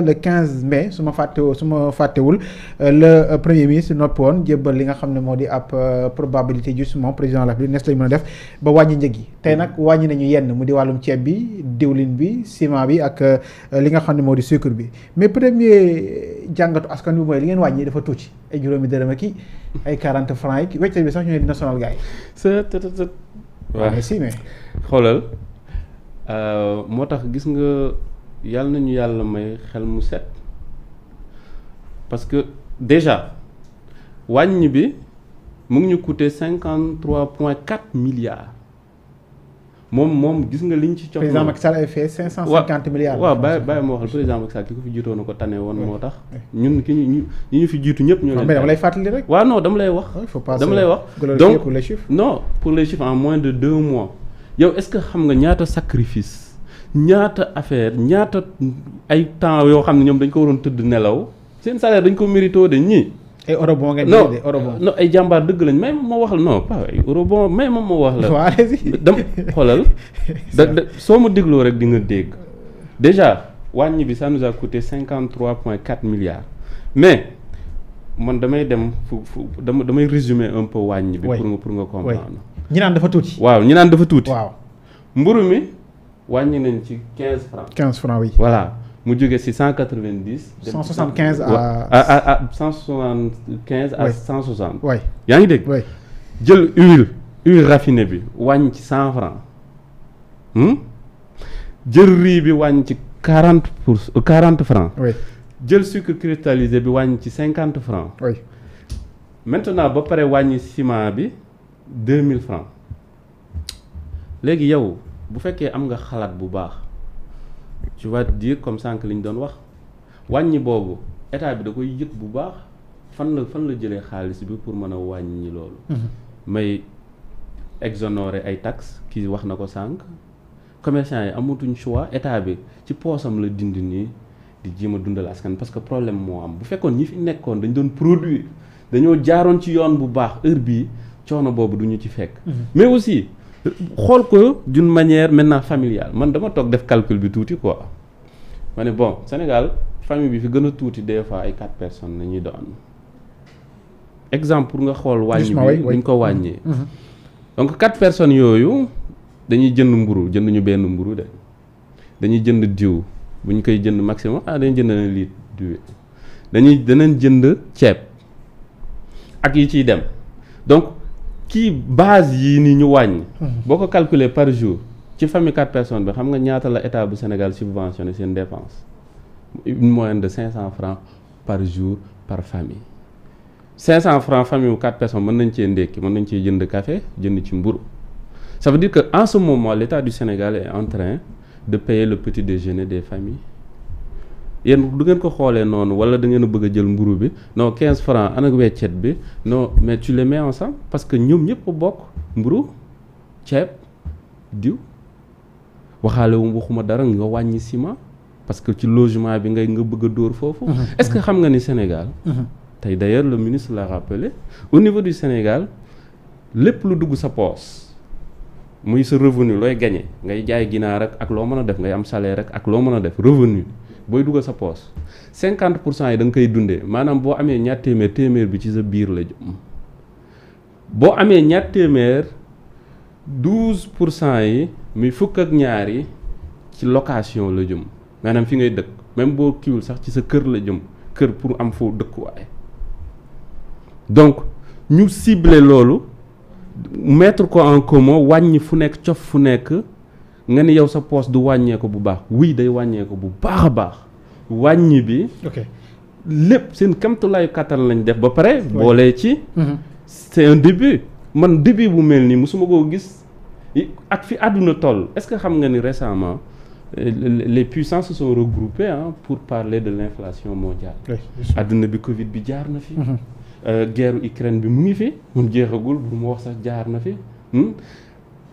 le 15 mai su ma fàttewul su ma fàttewul euh, le euh, premier ministre noppoon jébbal li nga xam ne moo di ab euh, probabilité justement président la République nes lañu mën a def ba wàññi njëg yi tey nag wàññi nañu yenn mu di wàllum ceeb bi diwlin bi ciment bi ak li nga xam ne moo di sucre bi mais premier jàngatu askan bi mooy li ngeen wàññi dafa tuuti ay juróomi dërëm ak i ay 40 francs yi weccet bi sax ñu ne di national gars yi sët sët waaw si mais xoolal moo tax gis nga yàlla nañu yàlla may xel mu set parce que déjà wàññi bi mu ngi ñu coûté cinquante trois point quatre milliards moom moom gis nga liñ ci. cox président Macky Sall a fait cinq cent cinquante milliards. waaw bàyyi bàyyi ma waxal président Macky Sall ki ko fi jiitoon na ko tane woon moo tax. ñun ki ñu ñi ñu fi jiitu ñëpp. ñoo ah, leen mais dama lay fàttali rek. waaw non dama lay wax. dama lay wax donc pour les chiffres. non pour les chiffres en moins de deux mois yow est-ce que xam nga ñaata sacrifice. ñaata affaire ñaata ay temps yoo xam ne ñoom dañ ko waroon tëdd nelaw seen salaire dañ ko mérito de ñii. ay eurobon ngeen non ay jàmbaar dëgg lañ may moom moo wax la non pas ay eurobon may moom moo wax la. waaw dam xoolal. da da soo ma dégloo rek di nga dégg déjà wàññi bi ça nous a coûté cinquante point quatre milliards mais. man damay dem fu fu dama damay résumer un peu wàññi bi pour nga pour nga comprendre ñi naan dafa tuuti waaw ñi naan dafa tuuti waaw mburu mi wàññi nañ ci quinze francs. quinze francs oui. voilà mu jóge si cent quatre vingt dix. cent soixante quinze à à à cent soixante quinze à cent soixante. waay yaa ngi dégg. waay jël huile huile raffinée bi wàññi ci cent francs hmm? jël riz bi wàññi ci quarante pour euh, quarante francs. oui jël sucre cristallisé bi wàññi ci cinquante francs. oui maintenant ba pare wàññi ciment bi deux mille francs léegi yow. bu fekkee am nga xalaat bu baax tu vas comme sànq li doon wax wàññi boobu état bi da koy yëg bu baax fan la fan la jëlee xaalis bi pour mën a wàññi loolu. Mhm. may exonérer ay taxes kii wax na ko sànq. commerçant yi amatuñ choix état bi ci poosam la dindi nii di jéem a dundal askan parce que problème moo am bu fekkoon ñi fi nekkoon dañ doon produire dañoo jaaroon ci yoon bu baax heure bii coono boobu duñu ci fekk. Mhm. mais aussi. xool ko jun manière maintenant familiale man dama toog def calcul bi tuuti quoi ma ne bon Sénégal famille bi fi gën a tuuti des fois ay quatre personnes la ñuy doon exemple nga xool. wàññi bi buñ ko wàññee. Mm-hmm. Mm-hmm. donc quatre personnes yooyu dañuy jënd mburu jënd ñu benn mburu de dañuy jënd diw bu ñu koy jënd maximum ah dañuy jënd na litre diw dañuy danañ jënd ceeb ak yi ciy dem donc. kii base yii ni ñu wàññi. boo ko calculer par jour ci famille quatre personne bi xam nga ñaata la état bu Sénégal subventionné seen dépense une moyenne de cinq cent francs par jour par famille cinq cent francs famille bu quatre personnes mën nañ cee ndékki mën nañ cee jënd kafe jënd ci mburu ça dire que en ce moment l'état du Sénégal est en train de payer le petit déjeuner des familles yéen du ngeen ko xoolee noonu wala da ngeen a bëgg a jël mburu bi non 15 francs ana weccet bi non mais tu les parce que ñoom ñëpp bokk mburu ceeb diw waxaale wu waxuma dara nga wàññi ciment parce que ci logement bi ngay nga bëgg dóor foofu. Mm-hmm. est-ce que xam nga ni Sénégal. Mm-hmm. tey d'ailleurs le ministre l'a rappelé au niveau du Sénégal lépp lu dugg sa poos. muy sa revenu looy gagné ngay jaay ginaar rek ak loo mën a def ngay am salaire rek ak loo mën a def revenu booy dugal sa poos cinquante pour cent yi da nga koy dundee maanaam boo amee ñaar téeméer téeméer bi ci sa biir la jëm boo amee ñaar téeméer douze pour cent yi mi fukk ak ñaar ci location la jëm maanaam fi ngay dëkk même boo kiwul sax ci sa kër la jëm kër pour am foo dëkkuwaay donc ñu sible loolu mettre ko en commun wàññi fu nekk cof fu nekk nga ni yow sa poos du wàññeeku bu baax wuy day wàññeeku bu baax a baax wàññi bi. lépp seen kamtulaayu kattan lañ def ba pare. boolee ci. Mhm. c'est un début man début bu mel nii mosuma koo gis ak fi àdduna toll est-ce que xam nga ni récemment euh, les puissances se sont regroupées pour parler de l'inflation mondiale. àdduna bi Covid bi jaar na fi. Mhm. Euh, guerre Ukraine bi mu ngi fi. mu jeexagul bu mu wax sax jaar na fi. Hmm?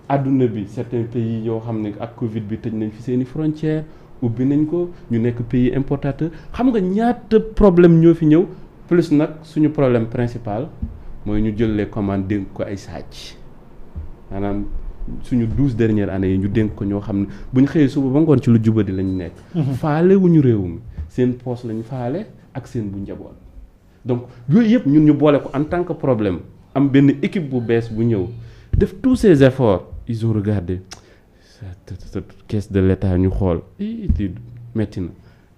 àdduna bi certains pays yoo xam ne ak Covid bi tëj nañ fi seeni frontières ubbi nañ ko ñu nekk pays importateur xam nga ñaata problème ñoo fi ñëw plus nag suñu problème principal mooy ñu jëlee les dénk ko ay sàcc maanaam suñu douze dernières années yi ñu dénk ko ñoo xam ne bu ñu xëyee suba ba ngoon ci lu jubadi lañu nekk. Mhm. faale wu ñu réew mi seen poche lañu faale ak seen bu njaboot. donc yooyu yëpp ñun ñu boole ko en tant que problème am benn équipe bu bees bu ñëw def tous ces efforts. ils ont regardé caisse de l'État ñu xool ii métti na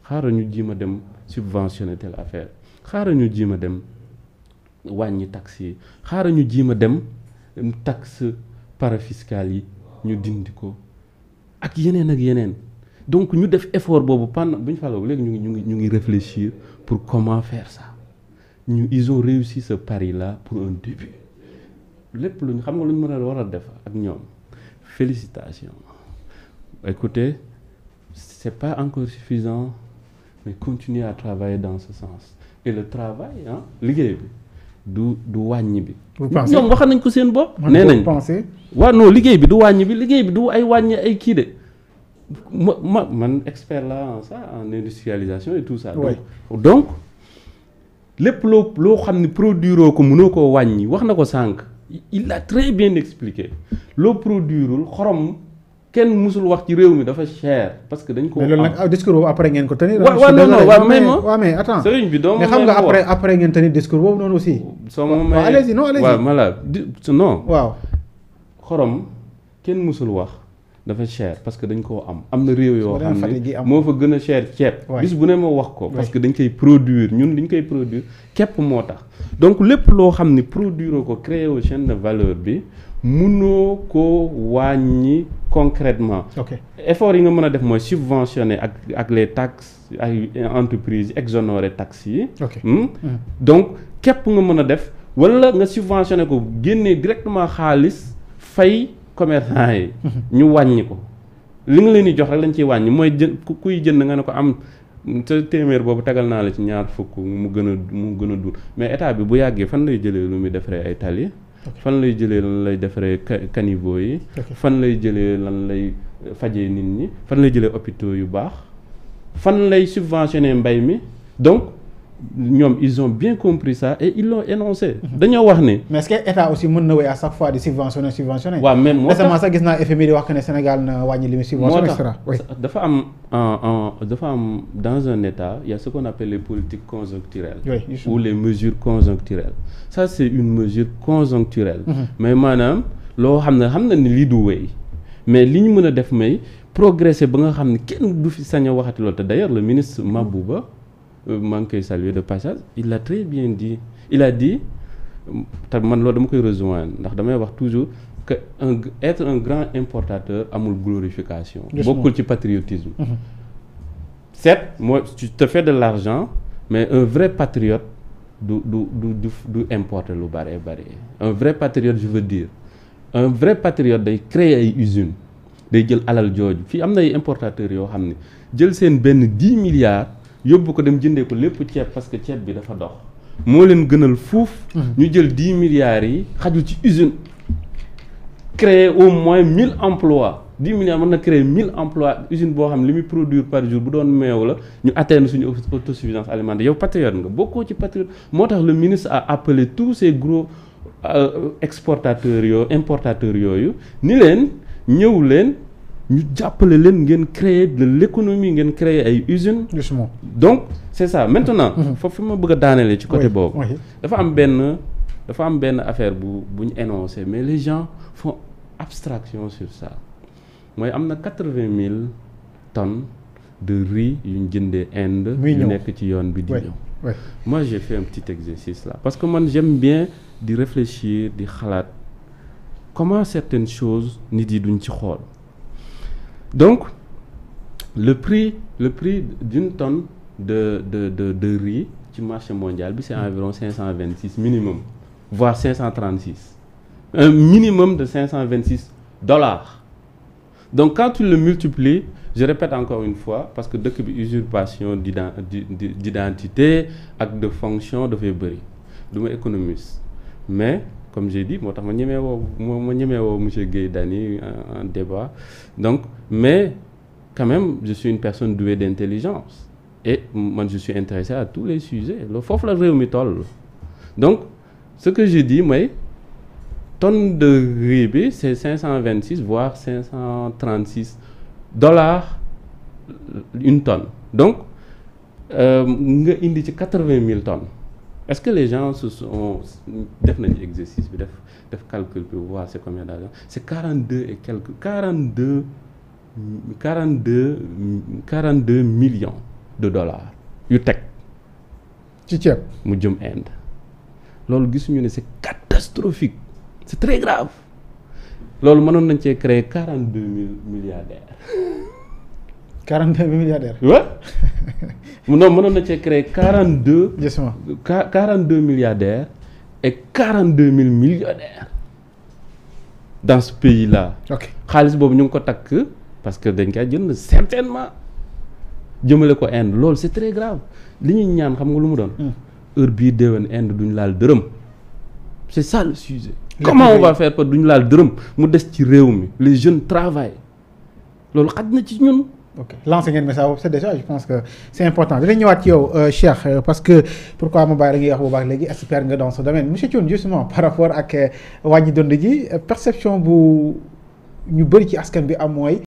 xaaral ñu jiima dem subventionner telle affaire xaaral ñu jiima dem wàññi taxes yi xaaral ñu jiima dem taxe parafiscale yi ñu dindi ko ak yeneen ak yeneen donc ñu def effort boobu pendant bu ñu faloo léegi ñu ngi ñu ngi ñu ngi réfléchir pour comment faire ça ñu ils ont réussi ce pari là pour un début lépp luñ xam nga luñ mën a war a def ak ñoom félicitations. Écoutez, ce pas encore suffisant, mais continuez à travailler dans ce sens. Et le travail, hein, liggéey bi du du wàññi bi. ñoom wax nañ ko seen bopp. nee nañ waaw non liggéey bi du wàññi bi liggéey bi du ay wàññi ay kii de. ma ma man expert la en ça en industrialisation et tout ça. donc lépp loo loo xam ni produire ko mënoo koo wàññi wax na ko sànq. il l'a très bien expliqué loo produirul xorom kenn musul wax ci réew mi dafa cher parce que dañ ko. mais loolu nag ah, discours boobu après ngeen ko tenir. waaw non non waaw mais waaw mais attends sëriñ bi doo ma xam nga après après ngeen tenir discours boobu noonu aussi. soo ma may waaw allez-y waaw xorom kenn musul wax. dafa cher parce que dañ koo am am na réew yoo xam ne moo fa gën a cher ceeb bis bu ne ma wax ko parce que dañ koy produire ñun ñu koy produire képp moo tax donc lépp loo xam ne produire ko créer wu chaîne de valeur bi mënoo ko wàññi concrètement effort yi nga mën a def mooy subventionner ak ak les taxes ay entreprises exonérer taxes yi hmm? Hmm. donc képp nga mën a def wala nga subventionner ko génnee directement xaalis fay commerçant yi ñu wàññi ko li nga leen di jox rek lañ ciy wàññi mooy jën kuy jënd nga ne ko am te téeméer boobu tegal naa la ci ñaar fukk mu gën a mu gën a dund mais état bi bu yàggee fan lay jëlee lu muy defaree ay tali fan lay jëlee lan lay defaree caniveau yi fan lay jëlee lan lay fajee nit ñi fan lay jëlee hôpitaux yu baax fan lay subventionné mbay mi donc ñoom ils ont bien compris ça et ils l'ont énoncé. dañoo wax ne. mais est-ce que état aussi mën na wéy a chaque fois di subventionné subventionné. waaw même moo tax récemment sax gis naa FMI di wax que ne Sénégal na wàññi li muy subventionné. moo tax dafa am en dafa am dans un état il y a ce qu'on appelle les politiques conjoncturelles. Oui, c'est une mesure conjoncturelle. Mm-hmm. mais maanaam loo xam ne xam na ni lii du wéy mais li ñu mën a def may progresser ba nga xam ne kenn du fi sañ a waxati loolu te d'ailleurs le ministre Euh, maa ngi koy saluer de passage il a très bien di il a dit te man loo dama koy rejoindre ndax damay wax toujours que un être grand importateur amul glorification bokkul ci patriotisme mm -hmm. certes moi tu te fais l'argent mais un vrai patriote du du du du du importer lu bare bare un vrai patriote je dire un vrai patriote day créer ay usines day jël alal jooju fii am na ay importateurs yoo xam ne jël seen benn dix milliards yóbbu ko dem jëndee ko lépp ceeb parce que ceeb bi dafa dox moo leen gënal fuuf mm-hmm. ñu jël dix milliards yi xajul ci usine créer au moins mille emplois dix milliards mën na créer mille emplois usine boo xam ne li muy produit par jour bu doon meew la ñu atteindre suñu autosuffisance alimentaire yow patriote nga bokkoo ci patriote moo tax le ministre a appelé tous ces gros euh, exportateurs yooyu importateurs yooyu ni leen ñëw leen ñu jàppale leen ngeen créer de l'économie ngeen créer ay usines justement donc c'est ça maintenant mm-hmm. foofu ma bëgg a daanelee ci côté boobu dafa am benn dafa am benn affaire bu bu ñu énoncé mais les gens font abstraction sur ça mooy am na quatre-vingt mille tonnes de riz yu ñu jëndee Inde yu nekk ci yoon bi di ñëw moi j'ai fait un petit exercice là parce que man j'aime bien di réfléchir di xalaat comment certaines chose nit yi duñ ci xool donc le prix le prix d'une tonne de de de de riz ci marché mondial bi c'est hmm. environ 526 minimum voire 536 un minimum de 526 dollars donc quand tu le multiplies je répète encore une fois parce que dëkk bi usurpation d'identité ak de fonction dafay bëri du ma mais comme j'ai dit moo tax ma ñemee woo moo ma ñemee woo monsieur Guèye Dany euh, en débat donc mais quand même je suis une personne douée d'intelligence et man je suis intéressé à tous les sujets loolu foofu la réew mi toll donc ce que je dis mooy tonne de riz bi c'est 526 voire 536 dollars une tonne donc euh, nga indi ci quatre vingt 000 tonnes est-ce que les gens se sont def nañu exercice bi def def calcul bi voir c'est combien d'argent c'est 42 et quelques 42 42 42 millions de dollars yu teg. ci ceeb mu jëm Inde. loolu gisuñu ne c'est catastrophique c'est très grave loolu mënoon nañ cee créer deux mille milliardaires. 42 milliardaires. waaw. non mënoon na cee créer quarante deux. justement quarante deux milliardaires et quarante deux mille millionnaires dans ce pays là. xaalis boobu ñu ngi ko takk parce que dañ koy jënd certainement jëmale ko Inde lool c'est très grave li ñuy ñaan xam nga lu mu doon. Hmm. heure bii déwén Inde duñ laal dërëm c'est ça le sujet. comment on va faire pour duñ laal dërëm mu des ci réew mi les jeunes travaillent loolu xaj na ci ñun. ok lancé ngeen message boobu c'est déjà je pense que c'est important dinañ ñëwaat ci yow euh, Cheikh euh, parce que pourquoi ma bàyyi la ñuy wax bu baax léegi expert nga dans ce domaine monsieur Thioune justement par rapport ak euh, wàññi dund ji perception bu ñu bëri ci askan bi am mooy